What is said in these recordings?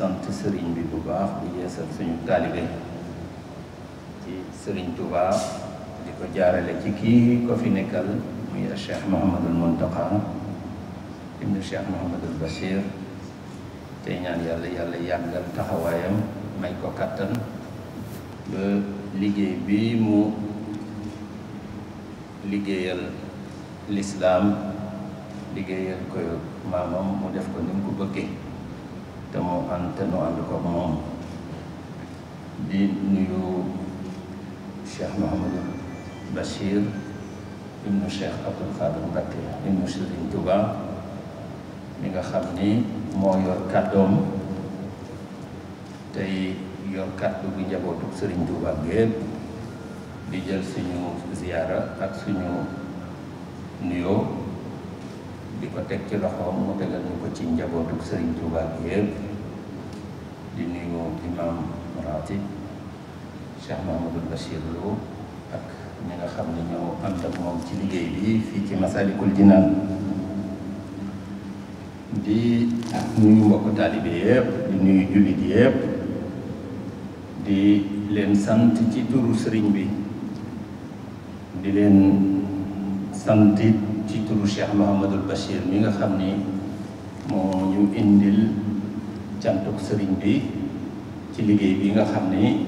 sant serigne bi bu baax bu yeesal suñu talibé ci serigne Touba diko jaarale ci ki ko fi nekkal muy Cheikh mohammed al Mountakha ibn Cheikh mohammed al bashir tay ñaan yàlla yàlla yagal taxawayam may ko katan ba liggéey bi mu liggéeyal l'islam liggéeyal ko maamam mu def ko nim ko bëggee te moo ànd te noo ànd ko moom di nuyu Cheikh Mouhamadou Bachir ibnu Cheikh Abdoul Khadir Mbacké ibnu Serigne Touba mi nga xam ni moo yor kàddoom tey yor kàddu gi njabootu Serigne Touba gépp di jël suñu ziyaara ak suñu nuyoo di ko teg ci loxoom mu tegal ñu ko ci njabootu Serigne Touba bi yëpp di nuyu imam ratib Cheikh Mahamadou Bachir Lo ak ñi nga xam ne ñoo ànd ak moom ci liggéey bi fii ci Masalikul Jinaan di nuyu mbokk taalibe yëpp di nuyu jullit yëpp di lensan sant turu sëriñ bi di leen santit ci turu cheikh Basir. bachir mi nga xam mo ñu indil cantuk sëriñ bi ci liggéey bi nga xam ni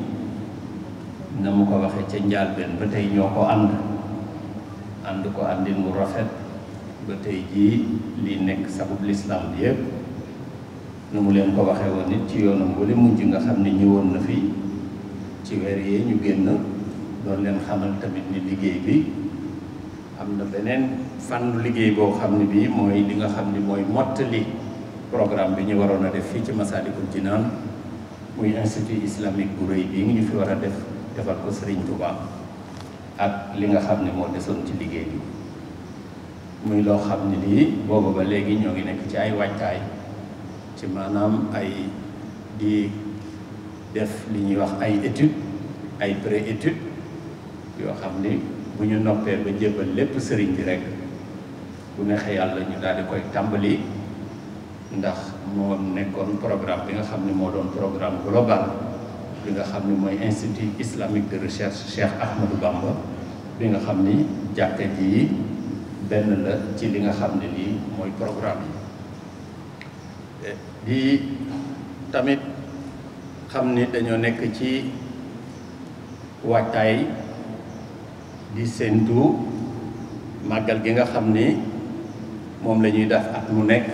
na mu ko waxe ca njaalbeen ba tey ñoo ko ànd ànd ko àndin mu rafet ba tey jii li nekk sabub lislaam bi yëpp nu ko nit ci mujj nga xam ne ñëwoon na fi ci weer yee ñu génn doon leen xamal tamit ni bi am na beneen fànn liggéey boo xam ne bii mooy li nga xam ne mooy mottali programme bi ñu waroon a def fii ci Masaalikul Jinaan muy institut islamique bu rëy bii ñu fi war def defal ko Serigne Touba ak li nga xam ne moo desoon ci liggéey bi muy loo xam ne lii booba ba léegi ñoo ngi nekk ci ay waajtaay ci maanaam ay di def li ñuy wax ay étude ay pré étude yoo xam bu ñu noppee ba jébbal lépp sëriñ bi rek bu neexee yàlla ñu daal di koy tàmbali ndax moo nekkoon programme bi nga xam ne moo doon programme global bi xam ne mooy institut islamique de recherche Cheikh Ahmadou Bamba bi nga xam ni jàkka ji benn la ci li nga xam ne lii mooy programme yi eh, di tamit xam ni dañoo nekk ci waajtaay di sentu magal gi nga xam ni moom la ñuy at mu nekk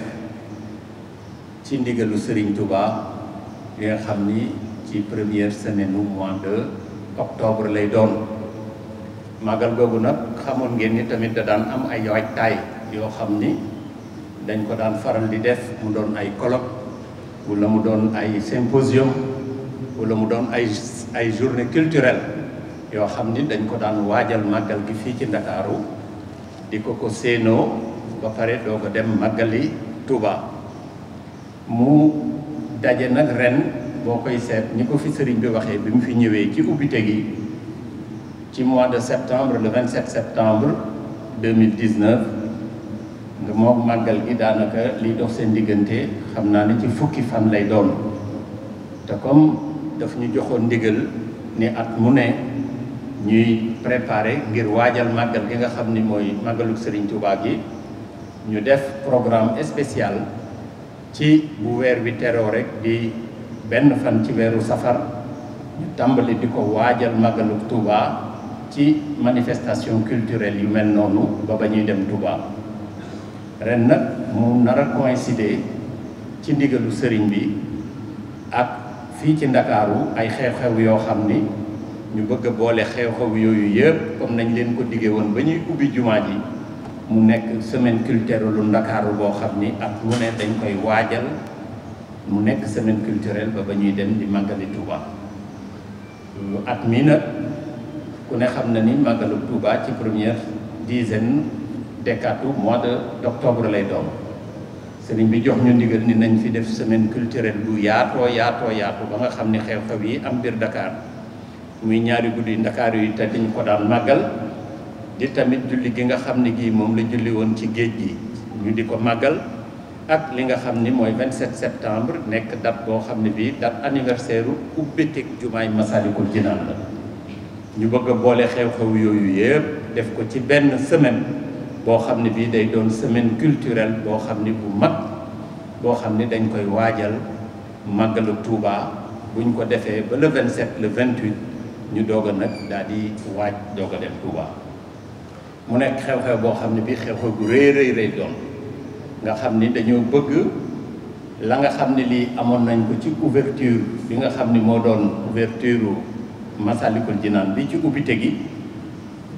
ci ndigalu Serigne Touba li nga xam ni ci première semaine u mois de octobre lay doon ngeen ni tamit da daan am ay waajtaay yoo xam dan dañ ko daan faral di def mu doon ay colloque wala mu doon ay symposium wala mu doon ay ay journée culturelle yoo xam ni dañ ko daan waajal màggal gi fii ci ndakaaru di ko ko séenoo ba pare doo ko dem màggali Touba mu daje nag ren boo koy seet ni ko fi sëriñ bi waxee bi mu fi ñëwee ci ubbite gi ci mois de septembre le 27 septembre 2019 nga moom màggal gi daanaka liy dox seen diggante xam naa ne ci fukki fan lay doon te comme daf ñu joxoon ndigal ni at mu ne ñuy préparer ngir waajal màggal gi nga xam ni mooy Serigne Touba gi ñu def programme spécial ci bu weer wi rek di benn fan ci safar ñu tàmbali di ko waajal màggalu Touba ci manifestation culturelle yu mel noonu ba dem Touba ren nag mu nar coïncider ci ndigalu bi ak fi ci Ndakaaru ay xew-xew ñu bëgg boole xew-xew yooyu yëpp comme nañ leen ko diggee woon ba ñuy ubbi jumaa ji mu nekk semaine culturelle lu ndakaaru boo xam ni ak mu ne dañ koy waajal mu nekk semaine culturelle ba ba ñuy dem di màggali Touba at mii nag ku ne xam na ni màggalu Touba ci première dizaine décatu mois de d'octobre lay doon sëriñ bi jox ñu ndigal ni nañ fi def semaine culturelle bu yaatoo yaatoo yaatu ba nga xam ni xew-xew yi am biir Dakar muy ñaari guddi ndakaaru yi te diñ ko daan màggal di tamit julli gi nga xam ne gii moom la julli woon ci géej gi ñu di ko màggal ak li nga xam ni mooy 27 septembre nekk date boo xam ne bii date anniversaire ubbiteg jumaay Masaalikul Jinaan la ñu bëgg a boole xew-xew yooyu yëpp def ko ci benn semaine boo xam ne bii day doon semaine culturelle boo xam ne bu mag boo xam ne dañ koy waajal màggalu Tuubaa buñ ko defee ba la le 27 le 28นี่ดอกนักดัดดีวัดดอกเดินตัวมันเข้าเข้าบอกคำนี้พี่เข้าเรีเร่เรดอนงั้นคำนี้เดี๋ยวบุบกูหลังก์คำนี้ลีอามอนนั่งกุชิคูเวอร์ติร์ดังก์คำนี้โมดอนเวอร์ติร์มาสั่งลิขิตนันดิชิคูปิตเกิ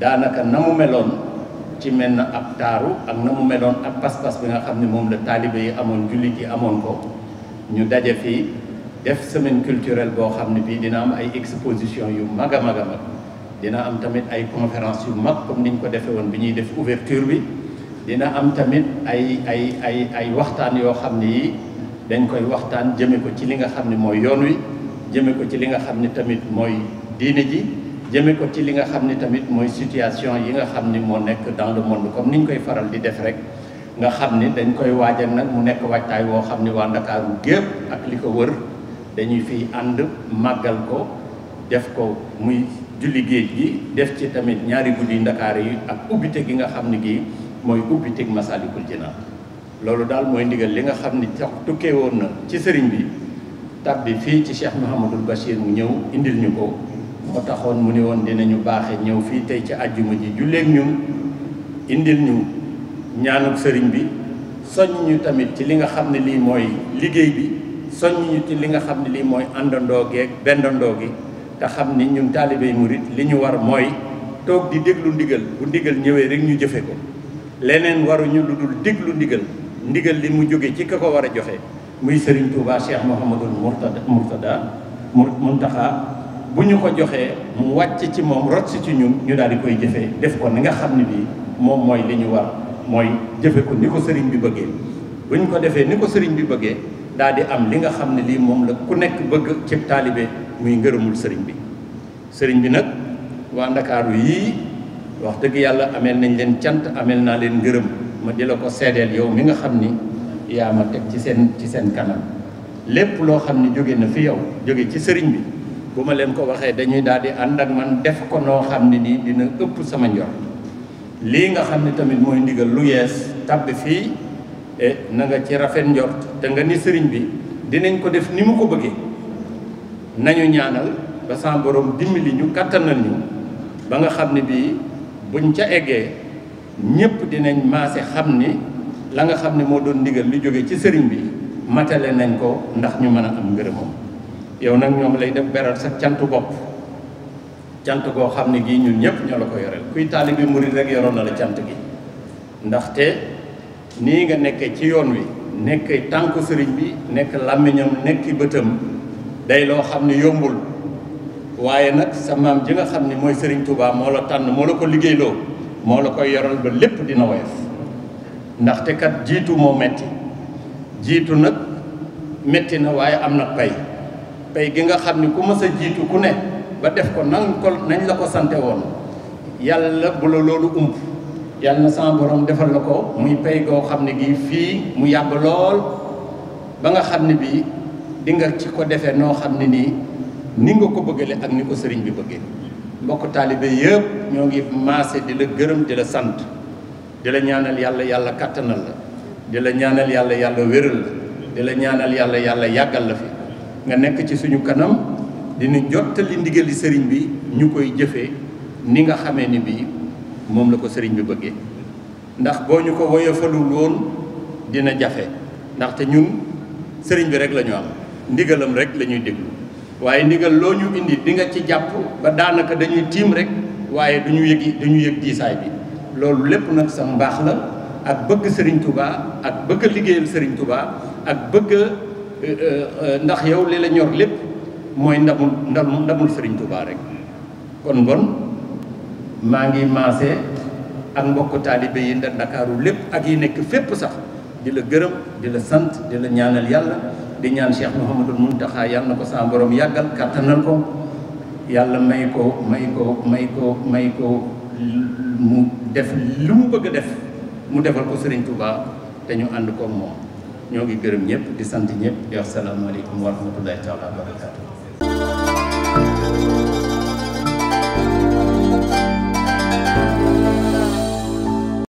ดานักนั่งมุมเมลอนจิเมนอัปตารุอังนั่งมุมเมลอนอัปปัสปัสเป็นงั้นคำนี้มุมเลตัลีเบย์อามอนจุลิกิอามอนโคนี่ดัจเจฟี def semaine culturelle boo xam ne bii dina am ay exposition yu mag a mag a mag dina am tamit ay conférence yu mag comme niñ ko defee woon bi ñuy def ouverture bi dina am tamit ay ay ay ay waxtaan yoo xam ne yi dañ koy waxtaan jëme ko ci li nga xam ne mooy yoon wi ko ci li nga xam ne tamit mooy diine ji jëme ko ci li nga xam ne tamit mooy situation yi nga xam ni moo nekk dans le monde comme niñ koy faral di def rek nga xam ni dañ koy waajal nag mu nekk waajtaay woo xam ni waa Ndakaaru gépp ak li ko wër dañuy fiy ànd màggal ko def ko muy julli géej gi def ci tamit ñaari guddi ndakaar yi ak ubbite gi nga xam ne gi mooy ubbiteg Masaalikul Jinaan loolu daal mooy ndigal li nga xam ne tukkee woon na ci sëriñ bi tàbbi fii ci Cheikh Mouhamadul Bachir mu ñëw indil ñu ko moo taxoon mu ne woon dinañu baaxe ñëw fii tey ci àjjuma ji julleeg ñu indil ñu ñaanuk sëriñ bi soññ tamit ci li nga xam ne lii mooy liggéey bi soññ ci li nga xam ne lii mooy àndandoo geeg bendandoo gi te xam ni ñun taalibey murit li ñu war mooy toog di déglu ndigal bu ndigal ñëwee rek ñu jëfe ko leneen waruñu lu dul déglu ndigal ndigal li mu jóge ci ka ko war a joxe muy Serigne Touba Cheikh Mouhamadul Mourtada Mourtada Muntaxa bu ñu ko joxee mu wàcc ci moom rot si ci ñu ñu daal di koy jëfee def ko ni nga xam ne bii moom mooy li ñu war mooy jëfe ko ni ko sëriñ bi bëggee bu ñu ko defee ni ko sëriñ bi bëggee daal di am li nga xam ne lii moom la ku nekk bëgg cib taalibe muy ngërëmul sëriñ bi sëriñ bi nag waa ndakaaru yii wax dëgg yàlla ameel nañ leen cant ameel naa leen ngërëm ma di la ko seedeel yow mi nga xam ni yaa ma teg ci seen ci seen kanam lépp loo xam ne na fi yow jóge ci sëriñ bi bu leen ko waxee dañuy daal di ànd ak man def ko noo xam ne nii dina ëpp sama njor lii nga xam tamit mooy ndigal lu yees tàbbi fii E nanga ci rafet njort te nga ni sëriñ bi dinañ ko def ni mu ko bëggee nañu ñaanal ba sa borom dimbali ñu kattanal ñu ba nga xam ne bii buñ ca eggee ñépp dinañ maase xam ni la nga xam ne moo doon ndigal lu jóge ci sëriñ bi matale nañ ko ndax ñu mën a am ngërëmam yow nag ñoom lay def beral sa cant bopp cant koo xam ne gii ñun ñëpp ñoo la ko yoreel kuy taalibe murid rek yoroon na la cant gi ndaxte nii nga nekkee ci yoon wi nekk tànku sëriñ bi nekk làmmiñam nekk bëtam day loo xam ne yombul waaye nag sa maam ji nga xam ne mooy sëriñ Touba moo la tànn moo la ko liggéeyloo moo la koy yoral ba lépp dina woyof ndaxte kat jiitu moo metti jiitu nag metti na waaye am na pay pay gi nga xam ne ku mës jiitu ku ne ba def ko nan ko nañ la ko sante woon yàlla bu la loolu umb yàlla na sama borom defal na ko muy pay goo xam ne gii fii mu yàgg lool ba nga xam ne bii dinga ci ko defee noo xam ne nii ni nga ko bëggale ak ni ko sëriñ bi bëggee mbokk taalibe yëpp ñoo ngi maase di la gërëm di la sant di la ñaanal yàlla yàlla kàttanal la di la ñaanal yàlla yàlla wéral la di la ñaanal yàlla yàlla yàggal la fi nga nekk ci suñu kanam dina jottali ndigali sëriñ bi ñu koy jëfee ni nga xamee ni bii moom la ko sëriñ bi bëggee ndax boo ñu ko woyofalul woon dina jafe ndaxte ñun sëriñ bi rek la am ndigalam rek lañuy ñuy déglu waaye ndigal loo ñu indi di nga ci jàpp ba daanaka dañuy tiim rek waaye du ñu yëg du ñu yëg diisaay bi loolu lépp nag sa mbaax la ak bëgg sëriñ Touba ak bëgg a liggéeyal sëriñ ak bëgg a euh, euh, ndax yow li la ñor lépp mooy ndamul ndamul sëriñ Touba rek kon bon mangi ngi maase ak mbokk taalibe yi ndar ndakaaru lépp ak yi nekk fépp sax di la gërëm di la sant di la ñaanal yalla di ñaan Cheikh Mouhamadul Mountakha yàlla na ko sa borom yàggal kàttanal ko yalla may ko may ko may ko may ko mu def lu mu bëgg def mu defal ko Serigne Touba te ñu ànd ko moom ñoo ngi gërëm di sant di wax wa rahmatullahi taala wa barakatuh